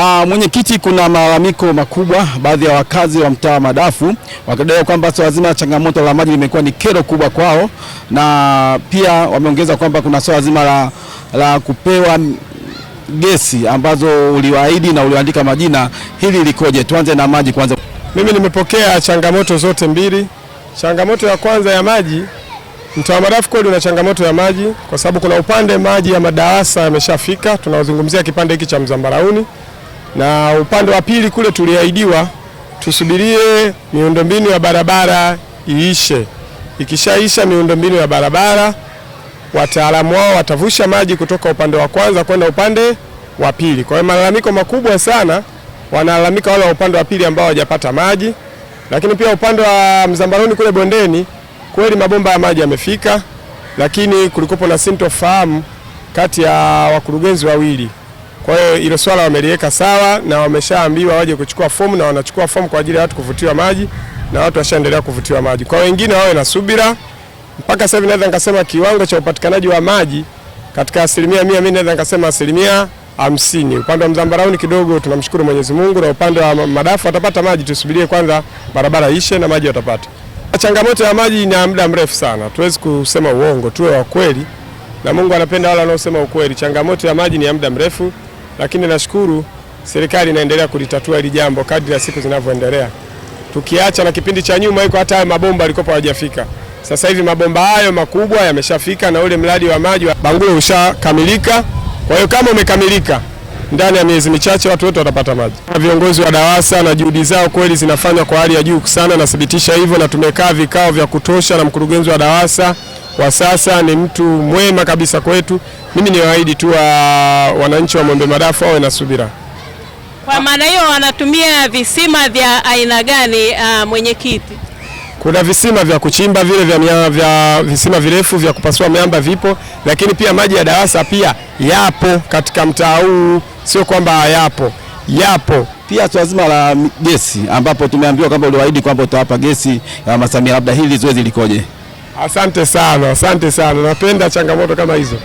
Ah, mwenyekiti, kuna malalamiko makubwa, baadhi ya wakazi wa mtaa Madafu wakidai kwamba swala zima la changamoto la maji limekuwa ni kero kubwa kwao, na pia wameongeza kwamba kuna swala zima la, la kupewa gesi ambazo uliwaahidi na ulioandika majina. Hili likoje? Tuanze na maji kwanza. Mimi nimepokea changamoto zote mbili. Changamoto ya kwanza ya maji, mtaa wa Madafu kweli una changamoto ya maji, kwa sababu kuna upande maji ya madarasa yameshafika, tunazungumzia kipande hiki cha Mzambarauni na upande wa pili kule tuliahidiwa tusubirie miundombinu ya barabara iishe. Ikishaisha miundombinu ya barabara, wataalamu wao watavusha maji kutoka upande wa kwanza kwenda upande wa pili. Kwa hiyo malalamiko makubwa sana wanalalamika wale wa upande wa pili ambao hawajapata maji, lakini pia upande wa Mzambaroni kule bondeni, kweli mabomba ya maji yamefika, lakini kulikuwa na sintofahamu kati ya wakurugenzi wawili kwa hiyo hilo swala wameliweka sawa na wameshaambiwa waje kuchukua fomu na wanachukua fomu kwa ajili ya watu kuvutiwa maji na watu washaendelea kuvutiwa maji. Kwa wengine wawe na subira. Mpaka sasa hivi naweza nikasema kiwango cha upatikanaji wa maji katika asilimia mia, mimi naweza nikasema asilimia hamsini. Upande wa ni kidogo tunamshukuru Mwenyezi Mungu, na upande wa madafu watapata maji, tusubirie kwanza barabara ishe na maji watapata. Changamoto ya maji ina muda mrefu sana, tuwezi kusema uongo, tuwe wa kweli, na Mungu anapenda wale wanaosema ukweli. Changamoto ya maji ni ya muda mrefu lakini nashukuru serikali inaendelea kulitatua hili jambo kadri ya siku zinavyoendelea, tukiacha na kipindi cha nyuma iko hata mabomba yalikopo hawajafika. Sasa hivi mabomba hayo makubwa yameshafika na ule mradi wa maji wa Bangule ushakamilika. Kwa hiyo kama umekamilika ndani ya miezi michache watu wote watapata maji. Viongozi wa DAWASA na juhudi zao kweli zinafanywa kwa hali ya juu sana, nathibitisha hivyo, na tumekaa vikao vya kutosha na mkurugenzi wa DAWASA kwa sasa ni mtu mwema kabisa kwetu. Mimi ni waahidi tu wa uh, wananchi wa Mwembe Madafu wawe na subira. Kwa maana hiyo, wanatumia visima vya aina gani, uh, mwenyekiti? Kuna visima vya kuchimba vile vya, mia, vya visima virefu vya kupasua miamba vipo, lakini pia maji ya Dawasa pia yapo katika mtaa huu, sio kwamba hayapo, yapo pia swala zima la gesi ambapo tumeambiwa kwamba uliwaahidi kwamba utawapa gesi ya Mama Samia, labda hili zoezi likoje? Asante sana, asante sana. Napenda changamoto kama hizo.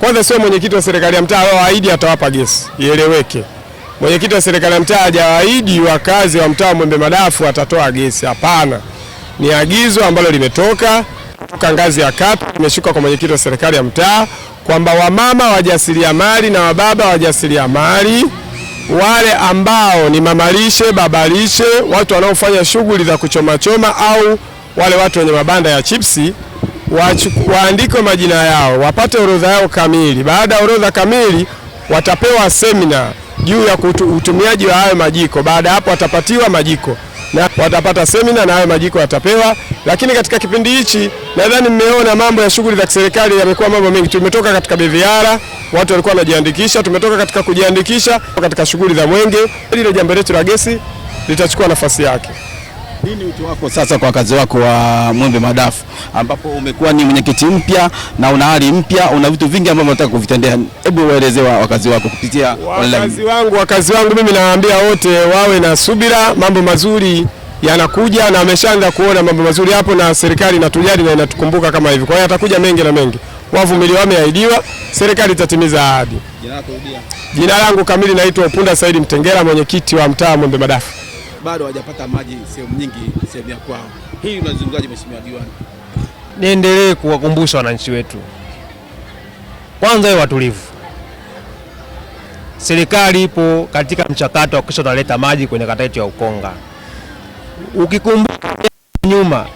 Kwanza sio mwenyekiti wa serikali ya mtaa awaahidi atawapa gesi, ieleweke. Mwenyekiti wa serikali ya mtaa hajawaahidi wakazi wa mtaa Mwembe Madafu atatoa gesi, hapana. Ni agizo ambalo limetoka kutoka ngazi ya kata, limeshuka kwa mwenyekiti wa serikali ya mtaa kwamba wamama wajasiriamali na wababa wajasiriamali wale ambao ni mamalishe, babalishe, watu wanaofanya shughuli za kuchomachoma au wale watu wenye mabanda ya chipsi waandikwe majina yao, wapate orodha yao kamili. Baada ya orodha kamili, watapewa semina juu ya utumiaji wa hayo majiko. Baada ya hapo, watapatiwa majiko na watapata semina na hayo majiko watapewa. Lakini katika kipindi hichi, nadhani mmeona mambo ya shughuli za kiserikali yamekuwa mambo mengi. Tumetoka katika BVR, watu walikuwa wanajiandikisha, tumetoka katika kujiandikisha katika shughuli za mwenge. ile jambo letu la gesi litachukua nafasi yake. Nini wito wako sasa kwa wakazi wako wa Mwembe Madafu, ambapo umekuwa ni mwenyekiti mpya na una hali mpya, una vitu vingi ambavyo unataka kuvitendea? Hebu waeleze wa wakazi wako kupitia online. Wakazi wangu, wakazi wangu, mimi nawaambia wote wawe na subira, mambo mazuri yanakuja na ameshaanza kuona mambo mazuri hapo, na serikali inatujali na inatukumbuka kama hivi. Kwa hiyo atakuja mengi na mengi, wavumilia, wameahidiwa, serikali itatimiza ahadi. Jina langu kamili naitwa Upunda Saidi Mtengera, mwenyekiti wa mtaa Mwembe Madafu bado hawajapata maji sehemu nyingi, sehemu ya kwao. Hii unazungumzaje, mheshimiwa diwani? Niendelee kuwakumbusha wananchi wetu, kwanza wawe watulivu. Serikali ipo katika mchakato wa kisha tunaleta maji kwenye kata yetu ya Ukonga. Ukikumbuka nyuma,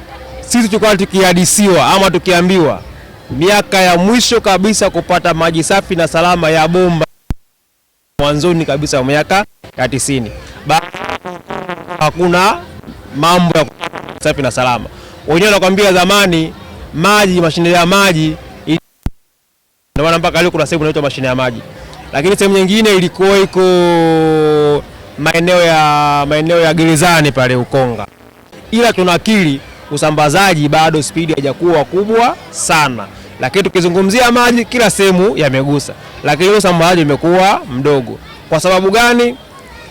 sisi tulikuwa tukihadisiwa ama tukiambiwa miaka ya mwisho kabisa kupata maji safi na salama ya bomba mwanzoni kabisa wa miaka ya tisini hakuna mambo ya safi na salama. Wenyewe nakwambia zamani maji, mashine ya maji, ndio maana mpaka leo kuna sehemu inaitwa mashine ya maji, lakini sehemu nyingine ilikuwa iko maeneo ya maeneo ya gerezani pale Ukonga, ila tunakiri usambazaji bado spidi haijakuwa kubwa sana, lakini tukizungumzia maji kila sehemu yamegusa, lakini usambazaji umekuwa mdogo. Kwa sababu gani?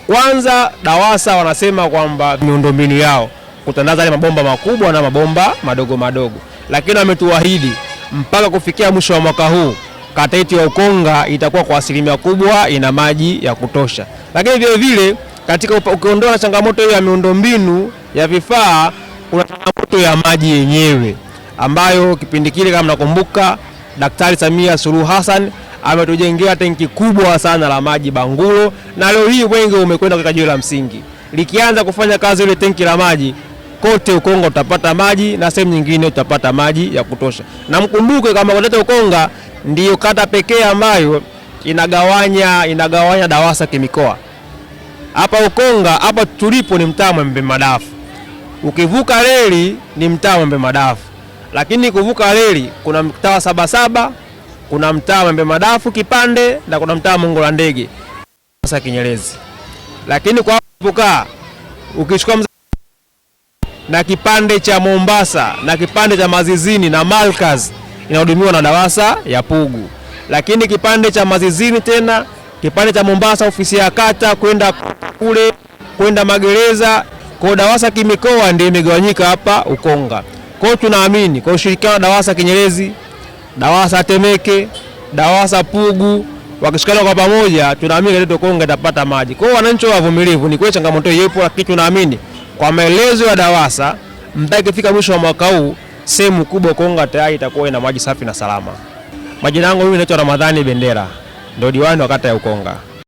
Kwanza DAWASA wanasema kwamba miundombinu yao kutandaza yale mabomba makubwa na mabomba madogo madogo, lakini wametuahidi mpaka kufikia mwisho wa mwaka huu kata yetu ya Ukonga itakuwa kwa asilimia kubwa ina maji ya kutosha. Lakini vilevile katika ukiondoa na changamoto hiyo ya miundombinu ya vifaa, kuna changamoto ya maji yenyewe ambayo kipindi kile kama mnakumbuka Daktari Samia Suluhu Hassan ametujengea tenki kubwa sana la maji Bangulo, na leo hii wengi umekwenda katika jiwe la msingi. Likianza kufanya kazi ile tenki la maji kote Ukonga utapata maji na sehemu nyingine utapata maji ya kutosha. Na mkumbuke kama kote Ukonga ndiyo kata pekee ambayo inagawanya inagawanya DAWASA kimikoa. Hapa Ukonga hapa tulipo ni mtaa Mwembe Madafu, ukivuka reli ni mtaa Mwembe Madafu, lakini kuvuka reli kuna mtaa Sabasaba kuna mtaa Mwembe Madafu Kipande na kuna mtaa Mungu la Ndege sasa Kinyerezi. Lakini kwa hapo ukichukua na kipande cha Mombasa na kipande cha Mazizini na Malkaz inahudumiwa na DAWASA ya Pugu, lakini kipande cha Mazizini tena kipande cha Mombasa ofisi ya kata kwenda kule kwenda magereza kwa DAWASA kimikoa ndio imegawanyika hapa Ukonga. Kwa hiyo tunaamini kwa ushirikiano wa DAWASA Kinyerezi DAWASA Temeke, DAWASA Pugu wakishikana kwa pamoja, tunaamini Kiteto Konga itapata maji. Kwa hiyo wananchi wavumilivu, ni kweli changamoto ipo, lakini tunaamini kwa maelezo ya DAWASA mpaka ikifika mwisho wa mwaka huu sehemu kubwa Konga tayari itakuwa ina maji safi na salama. Majina yangu mimi naitwa Ramadhani Bendera, ndio diwani wa kata ya Ukonga.